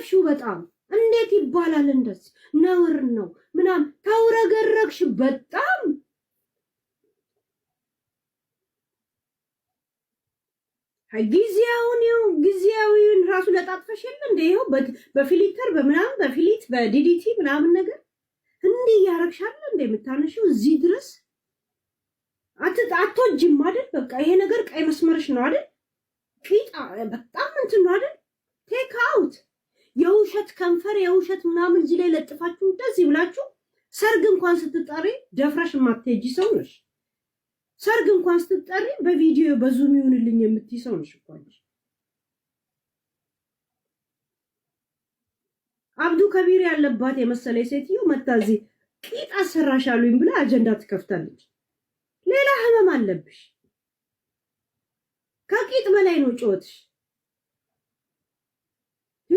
ቀለብሽው በጣም እንዴት ይባላል? እንደዚህ ነውር ነው ምናም ተውረገረግሽ በጣም ጊዜያውን ይኸው ጊዜያዊውን ራሱ ለጣጥፈሽ የለ እንደ ይኸው በፊሊተር በምናምን በፊሊት በዲዲቲ ምናምን ነገር እንዲህ እያረግሻለ እንደ የምታነሽው እዚህ ድረስ አትወጂም አይደል? በቃ ይሄ ነገር ቀይ መስመርሽ ነው አይደል? ቂጣ በጣም እንትን ነው አይደል? ቴክ አውት የውሸት ከንፈር የውሸት ምናምን እዚህ ላይ ለጥፋችሁ እንደዚህ ብላችሁ ሰርግ እንኳን ስትጠሪ ደፍረሽ የማትሄጂ ሰው ነሽ። ሰርግ እንኳን ስትጠሪ በቪዲዮ በዙም ይሁንልኝ የምትይ ሰው ነሽ እኮ አንቺ። አብዱ ከቢር ያለባት የመሰለ ሴትዮ መታ እዚህ ቂጥ አሰራሽ አሉኝ ብላ አጀንዳ ትከፍታለች። ሌላ ህመም አለብሽ። ከቂጥ በላይ ነው ጩኸትሽ።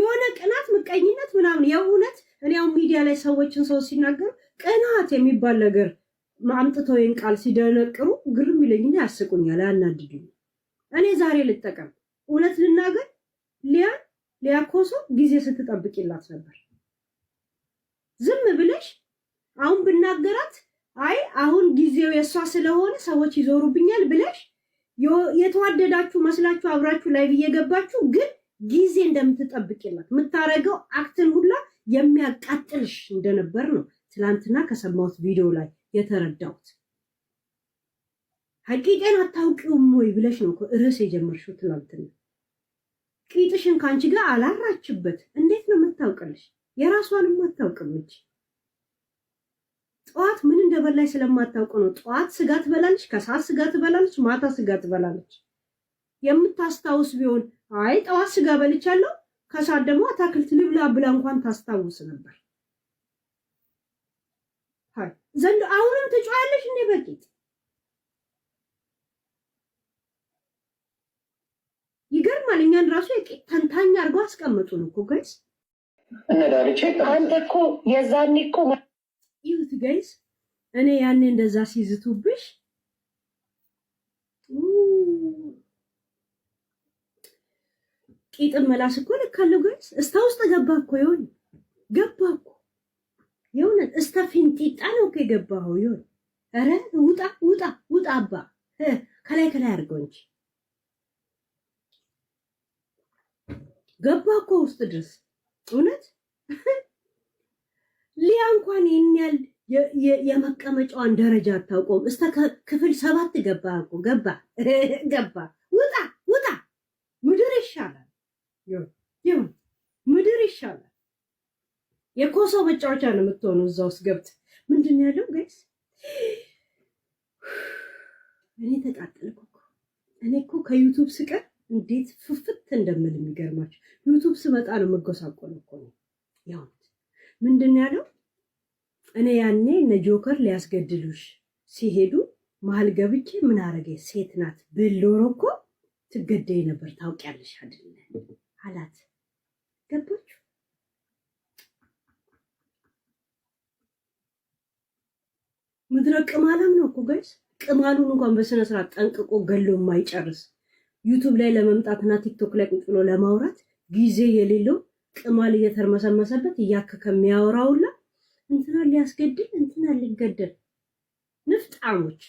የሆነ ቅናት፣ ምቀኝነት ምናምን የእውነት እኔ ሚዲያ ላይ ሰዎችን ሰው ሲናገሩ ቅናት የሚባል ነገር አምጥተው ይህን ቃል ሲደነቅሩ ግርም ይለኝና ያስቁኛል፣ ያናድዱኝ። እኔ ዛሬ ልጠቀም እውነት ልናገር ሊያ ሊያኮሶ ጊዜ ስትጠብቂላት ነበር። ዝም ብለሽ አሁን ብናገራት አይ አሁን ጊዜው የእሷ ስለሆነ ሰዎች ይዞሩብኛል ብለሽ የተዋደዳችሁ መስላችሁ አብራችሁ ላይቭ ገባችሁ ግን ጊዜ እንደምትጠብቅላት የምታደርገው አክትን ሁላ የሚያቃጥልሽ እንደነበር ነው ትላንትና ከሰማሁት ቪዲዮ ላይ የተረዳሁት። ሀቂቄን አታውቂውም ወይ ብለሽ ነው ርዕስ የጀመርሽው ትላንትና። ቂጥሽን ከአንቺ ጋር አላራችበት። እንዴት ነው የምታውቅልሽ? የራሷንም አታውቅም። ጠዋት ምን እንደበላይ ስለማታውቅ ነው። ጠዋት ስጋ ትበላለች፣ ከሰዓት ስጋ ትበላለች፣ ማታ ስጋ ትበላለች። የምታስታውስ ቢሆን አይ ጠዋት ስጋ በልቻለሁ ከሰዓት ደግሞ አታክልት ልብላ ብላ እንኳን ታስታውስ ነበር። ዘንድ አሁንም ትጫዋለሽ እንዴ? በቂት ይገርማል። እኛን ራሱ የቂት ተንታኝ አድርገው አስቀምጡን እኮ ጋይስ። አንተ እኮ የዛኔ እኮ ይሁት ጋይስ፣ እኔ ያኔ እንደዛ ሲዝቱብሽ ቂጥን መላስ እኮ ልካለሁ። ግን እስታ ውስጥ ገባ እኮ ይሆን ገባ እኮ የሆነን እስታ ፊንጢጣ ነው እኮ የገባኸው። ይሆን ኧረ ውጣ ውጣ ውጣ አባ ከላይ ከላይ አድርገው እንጂ ገባ እኮ ውስጥ ድረስ። እውነት ሊያ እንኳን ይህን ያህል የመቀመጫዋን ደረጃ አታውቀውም። እስከ ክፍል ሰባት ገባ እኮ ገባ ገባ። ውጣ ውጣ ምድር ይሻላል። ይሁን ምድር ይሻላል። የኮሶ መጫወቻ ነው የምትሆነው እዛ ውስጥ ገብት ምንድን ነው ያለው ጋይስ? እኔ ተቃጠልኩ እኮ እኔ እኮ ከዩቱብ ስቀር እንዴት ፍፍት እንደምል የሚገርማቸው ዩቱብ ስመጣ ነው መጎሳቆል እኮ ነው ያሁት ምንድን ያለው እኔ ያኔ እነ ጆከር ሊያስገድሉሽ ሲሄዱ መሀል ገብቼ ምን አረገ ሴት ናት ብሎሮ እኮ ትገደይ ነበር ታውቂያለሽ አይደል አላት። ገባችሁ? ምድረ ቅማላም ነው እኮ ጋይስ። ቅማሉን እንኳን በስነ ስርዓት ጠንቅቆ ገሎ የማይጨርስ ዩቱብ ላይ ለመምጣትና ቲክቶክ ላይ ቁጭ ብሎ ለማውራት ጊዜ የሌለው ቅማል እየተርመሰመሰበት እያከ ከሚያወራውላ እንትና ሊያስገድል እንትና ሊገደል ንፍጣሞች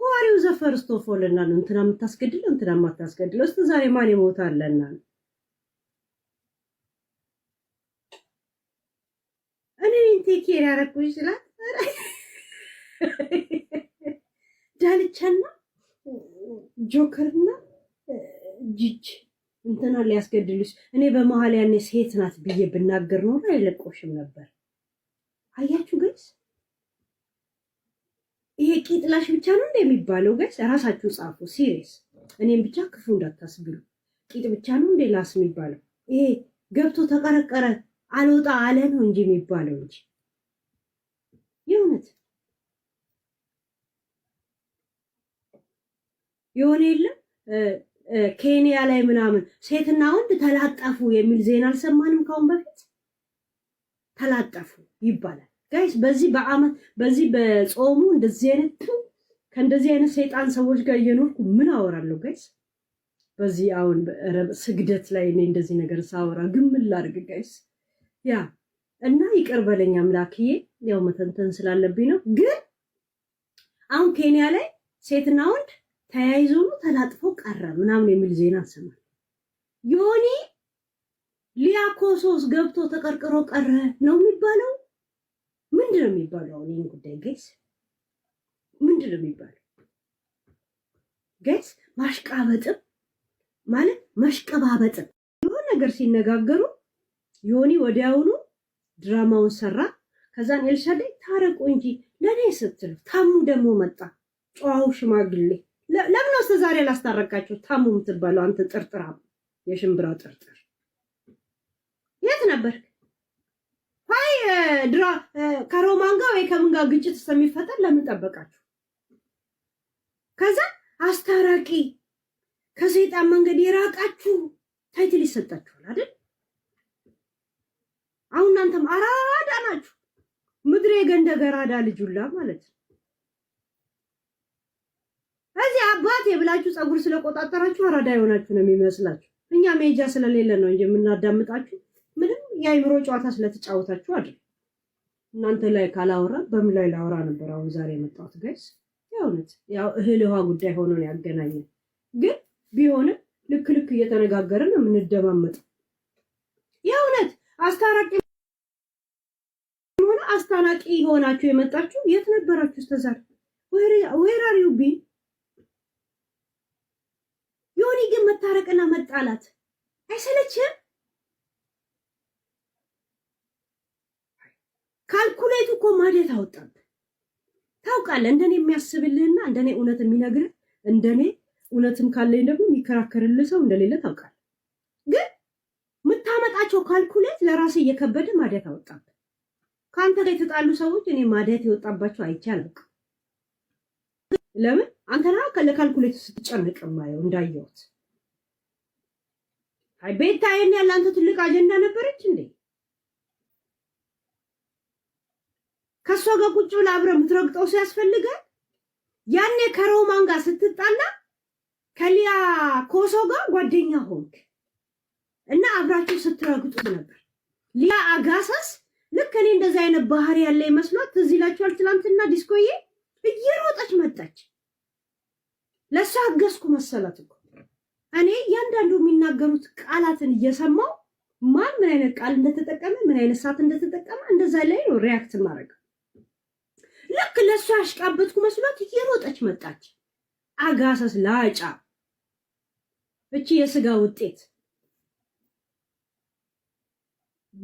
ሆዋሪው ዘፈርስቶፎልና ነው እንትና የምታስገድለው እንትና የማታስገድለው እስከ ዛሬ ማን ይሞታለና ነው እኔ ቴኬር ያደረኩኝ ስላት ዳልቻና ጆከርና ጅጅ እንትና ሊያስገድሉሽ እኔ በመሀል ያኔ ሴት ናት ብዬ ብናገር ኖሮ አይለቆሽም ነበር። አያችሁ ገጽ ይሄ ቂጥላሽ ብቻ ነው እንደ የሚባለው ገጽ ራሳችሁ ጻፉ። ሲሪየስ እኔም ብቻ ክፉ እንዳታስብሉ። ቂጥ ብቻ ነው እንደ ላስ የሚባለው ይሄ ገብቶ ተቀረቀረ አልወጣ አለ ነው እንጂ የሚባለው እንጂ የእውነት የሆነ የለም ኬንያ ላይ ምናምን ሴትና ወንድ ተላጠፉ የሚል ዜና አልሰማንም ካሁን በፊት ተላጠፉ ይባላል ጋይስ በዚህ በአመት በዚህ በጾሙ እንደዚህ አይነት ከእንደዚህ አይነት ሰይጣን ሰዎች ጋር እየኖርኩ ምን አወራለሁ ጋይስ በዚህ አሁን ስግደት ላይ እኔ እንደዚህ ነገር ሳወራ ግን ምን ላድርግ ጋይስ ያ እና ይቅር በለኝ አምላክዬ፣ ያው መተንተን ስላለብኝ ነው። ግን አሁን ኬንያ ላይ ሴትና ወንድ ተያይዞ ነው ተላጥፎ ቀረ ምናምን የሚል ዜና እንሰማለን። ዮኒ ሊያኮሶስ ገብቶ ተቀርቅሮ ቀረ ነው የሚባለው። ምንድን ነው የሚባለው? አሁን ይህን ጉዳይ ጌስ ምንድን ነው የሚባለው? ጌስ ማሽቃበጥም ማለት መሽቀባበጥም የሆነ ነገር ሲነጋገሩ ዮኒ ወዲያውኑ ድራማውን ሰራ። ከዛን ኤልሻዳይ ታረቁ እንጂ ለኔ ስትል ታሙ ደግሞ መጣ። ጨዋው ሽማግሌ ለምን እስከ ዛሬ ላስታረቃቸው? ታሙ የምትባለው አንተ ጥርጥር፣ የሽምብራ ጥርጥር የት ነበር? አይ ድራ ከሮማን ጋር ወይ ከምን ጋር ግጭት ስለሚፈጠር ለምን ጠበቃችሁ? ከዛ አስታራቂ ከሰይጣን መንገድ የራቃችሁ ታይትል ይሰጣችኋል አይደል? አሁን እናንተም አራዳ ናችሁ። ምድር የገንደ ገራዳ ልጁላ ማለት ነው። እዚህ አባቴ ብላችሁ ፀጉር ስለቆጣጠራችሁ አራዳ የሆናችሁ ነው የሚመስላችሁ። እኛ ሜጃ ስለሌለ ነው እንጂ የምናዳምጣችሁ ምንም የአይምሮ ጨዋታ ስለተጫወታችሁ አይደል። እናንተ ላይ ካላወራ በምን ላይ ላወራ ነበር? አሁን ዛሬ የመጣሁት ጋይስ የእውነት ያው እህል ውሃ ጉዳይ ሆኖን ያገናኘን ግን ቢሆንም ልክ ልክ እየተነጋገርን የምንደማመጠው የእውነት አስታራቂ አስታናቂ የሆናችሁ የመጣችሁ የት ነበራችሁ እስከዛሬ? ዌር አር ዩ ቢን? ዮኒ ግን መታረቅና መጣላት አይሰለችም? ካልኩሌቱ እኮ ማደት አወጣብ ታውቃለህ። እንደኔ የሚያስብልህና እንደኔ እውነት የሚነግርህ እንደኔ እውነትም ካለኝ ደግሞ የሚከራከርልህ ሰው እንደሌለ ታውቃለህ። ግን የምታመጣቸው ካልኩሌት ለራሴ እየከበደ ማደት አወጣብ ከአንተ ጋር የተጣሉ ሰዎች እኔ ማደት የወጣባቸው አይቻልም። ለምን አንተና ለካልኩሌት ስትጨንቅ ማየው እንዳየሁት ቤታ የኔ ያለ አንተ ትልቅ አጀንዳ ነበረች እንዴ? ከእሷ ጋር ቁጭ ብላ አብረ የምትረግጠው ያስፈልጋል ያኔ ከሮማን ጋር ስትጣላ ከሊያ ኮሶ ጋር ጓደኛ ሆንክ እና አብራችሁ ስትረግጡት ነበር ሊያ አጋሳስ ልክ እኔ እንደዚህ አይነት ባህሪ ያለ ይመስሏት ትዝ ይላችኋል። ትናንትና ዲስኮዬ እየሮጠች መጣች። ለእሷ አገዝኩ መሰላት እኮ እኔ እያንዳንዱ የሚናገሩት ቃላትን እየሰማው ማን ምን አይነት ቃል እንደተጠቀመ ምን አይነት ሰዓት እንደተጠቀመ እንደዛ ላይ ነው ሪያክት ማድረግ። ልክ ለእሷ አሽቃበጥኩ መስሏት እየሮጠች መጣች። አጋሰስ ላጫ እቺ የስጋ ውጤት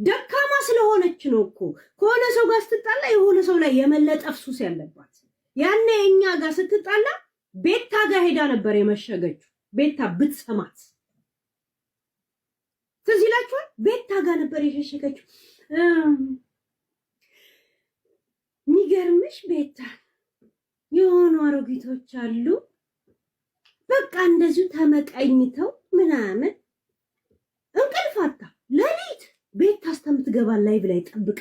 ደካማ ስለሆነች ነው እኮ ከሆነ ሰው ጋር ስትጣላ የሆነ ሰው ላይ የመለጠፍ ሱስ ያለባት። ያኔ እኛ ጋር ስትጣላ ቤታ ጋር ሄዳ ነበር የመሸገችው። ቤታ ብትሰማት ትዝ ይላችኋል። ቤታ ጋር ነበር የሸሸገችው። የሚገርምሽ ቤታ የሆኑ አሮጊቶች አሉ፣ በቃ እንደዚሁ ተመቀኝተው ምናምን እንቅልፍ አታ ቤት ታስተምት ገባ ላይ ብላ ጠብቃ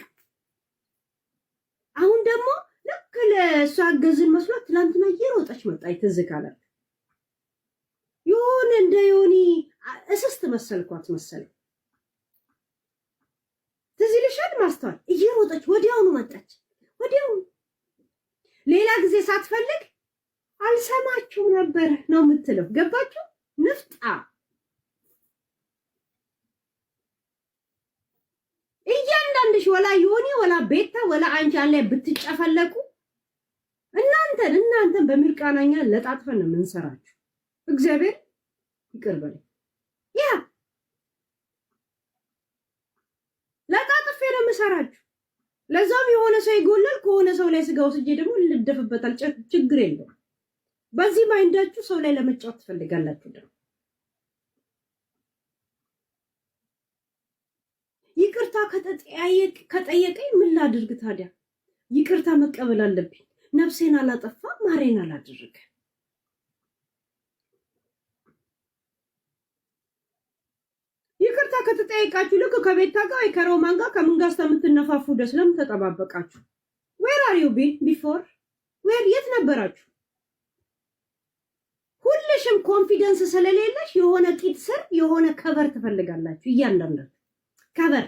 አሁን ደግሞ ልክ ለእሷ አገዝን መስሏት ትላንትና እየሮጠች መጣ። ይተዝካላል የሆነ እንደ ዮኒ እስስት መሰልኳት መሰለ ትዝ ይልሻል ማስተዋል እየሮጠች ወዲያውኑ መጣች። ወዲያውኑ ሌላ ጊዜ ሳትፈልግ አልሰማችሁም ነበር ነው የምትለው። ገባችሁ ንፍጣ እያንዳንድሽ ወላ ዮኒ ወላ ቤታ ወላ አንቺ ላይ ብትጨፈለቁ እናንተን እናንተን በምርቃናኛ ለጣጥፈን ነው የምንሰራችሁ። እግዚአብሔር ይቅር በል። ያ ለጣጥፌ ነው የምሰራችሁ። ለዛም የሆነ ሰው ይጎላል። ከሆነ ሰው ላይ ስጋ ወስጄ ደግሞ ልደፍበታል። ችግር የለውም። በዚህ ማይንዳችሁ ሰው ላይ ለመጫወት ትፈልጋላችሁ ደግሞ ይቅርታ ከጠየቀኝ ምን ላድርግ ታዲያ? ይቅርታ መቀበል አለብኝ። ነፍሴን አላጠፋ ማሬን አላደረገ ይቅርታ ከተጠየቃችሁ ልክ ከቤታ ጋር ወይ ከሮማን ጋር ከምን ጋር እስከምትነፋፉ ደስ ለምን ተጠባበቃችሁ? ዌር አር ዩ ቢን ቢፎር ዌር የት ነበራችሁ? ሁልሽም ኮንፊደንስ ስለሌለሽ የሆነ ቂጥ ስር የሆነ ከበር ትፈልጋላችሁ እያንዳንዳችሁ ከበር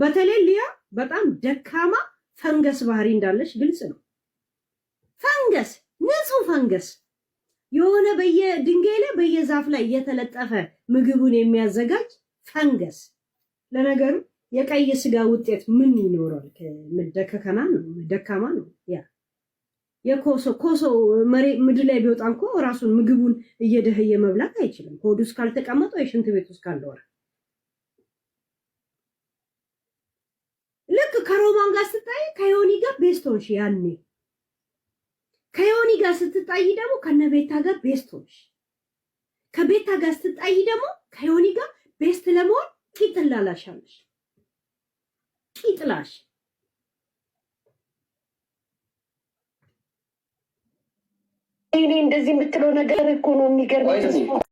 በተለይ ሊያ በጣም ደካማ ፈንገስ ባህሪ እንዳለች ግልጽ ነው። ፈንገስ ንጹህ ፈንገስ የሆነ በየድንጋይ ላይ በየዛፍ ላይ እየተለጠፈ ምግቡን የሚያዘጋጅ ፈንገስ። ለነገሩ የቀይ ስጋ ውጤት ምን ይኖራል? ደከከና ነው ደካማ ነው። ያ የኮሶ ኮሶ ምድር ላይ ቢወጣ እንኮ ራሱን ምግቡን እየደህየ መብላት አይችልም። ሆዱ እስካልተቀመጠ የሽንት ቤት ውስጥ ከሮማን ጋር ስትጣይ ከዮኒ ጋር ቤስቶንሽ ያኔ ከዮኒ ጋር ስትጣይ ደግሞ ከነቤታ ጋር ቤስቶንሽ ከቤታ ጋር ስትጣይ ደግሞ ከዮኒ ጋር ቤስት ለመሆን ቂጥላላሻለሽ ቂጥላሽ እኔ እንደዚህ የምትለው ነገር እኮ ነው የሚገርመኝ።